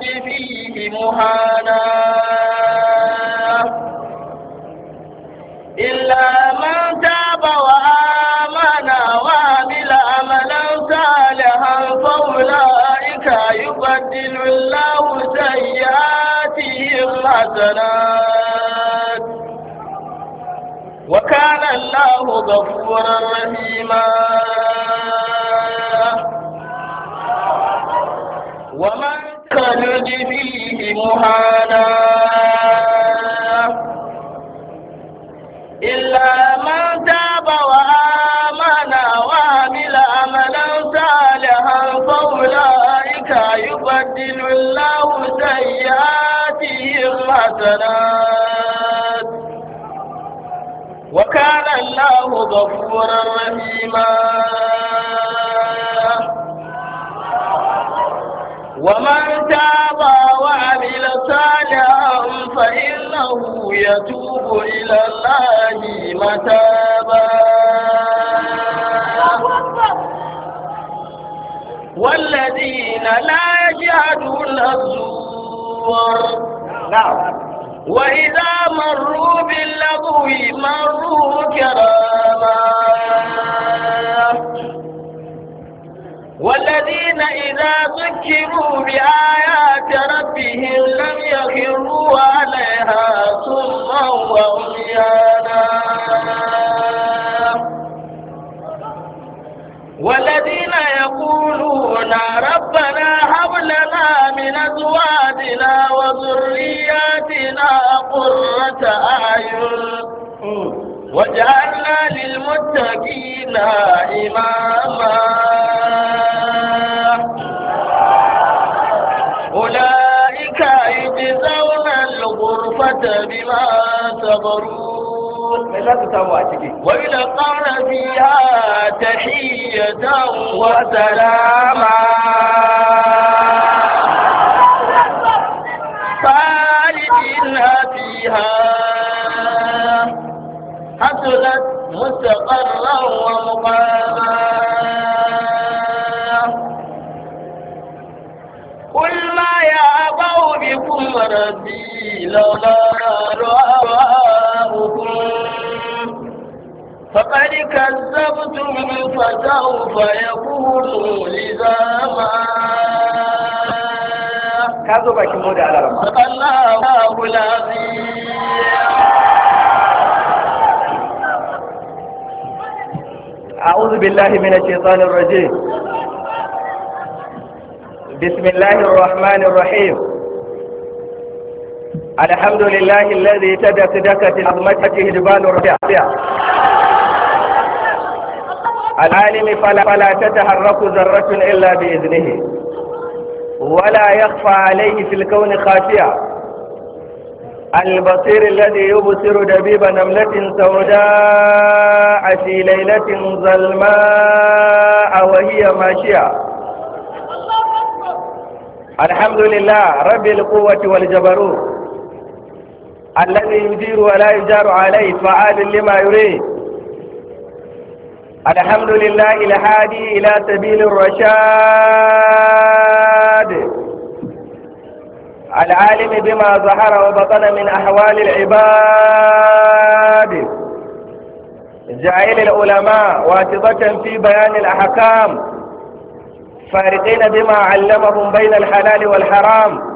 فيه مهانا إلا من تاب وآمن وعمل عملا صالحا فأولئك يبدل الله سيئاتهم حسنات وكان الله غفورا رحيما ومن نجزيه مهانا إلا من تاب وآمن وعمل عملا صالحا فأولئك يبدل الله سيئاتهم حسنات وكان الله غفورا رحيما ومن يتوب إلى الله متابا والذين لا يجعلون الزور نعم. وإذا مروا باللغو مروا كرام والذين إذا ذكروا بآيات ربهم لم يخروا عليها سرا وعميانا والذين يقولون ربنا هب لنا من أزواجنا وذرياتنا قرة أعين واجعلنا للمتقين إماما الغرفة بما تغرون صبروا قال فيها تحية وسلاما خالدين فيها حصلت مستقرا ومقاما قل ما يا أبو بكم ربي لولا رواؤكم فقد كذبتم فسوف يكونوا لزاما كذا باكي مودي على رمى الله العظيم أعوذ بالله من الشيطان الرجيم بسم الله الرحمن الرحيم الحمد لله الذي تدك دكة عظمته جبال الربيع العالم فلا, فلا تتحرك ذرة إلا بإذنه ولا يخفى عليه في الكون خافية البصير الذي يبصر دبيب نملة سوداء في ليلة ظلماء وهي ماشية الحمد لله رب القوة والجبروت الذي يدير ولا يجار عليه فعال لما يريد الحمد لله الهادي إلى سبيل الرشاد العالم بما ظهر وبطن من أحوال العباد جعل العلماء واسطة في بيان الأحكام فارقين بما علمهم بين الحلال والحرام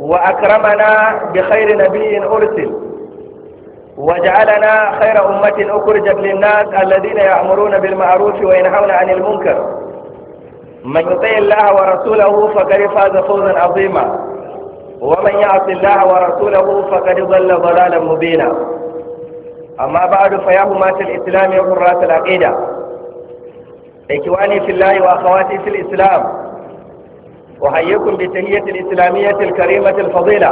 وأكرمنا بخير نبي أرسل وجعلنا خير أمة أخرجت للناس الذين يأمرون بالمعروف وينهون عن المنكر من يطيع الله ورسوله فقد فاز فوزا عظيما ومن يعص الله ورسوله فقد ضل ضلالا مبينا أما بعد فيا همات الإسلام وقراءة العقيدة إخواني في الله وأخواتي في الإسلام أحييكم بتهية الإسلامية الكريمة الفضيلة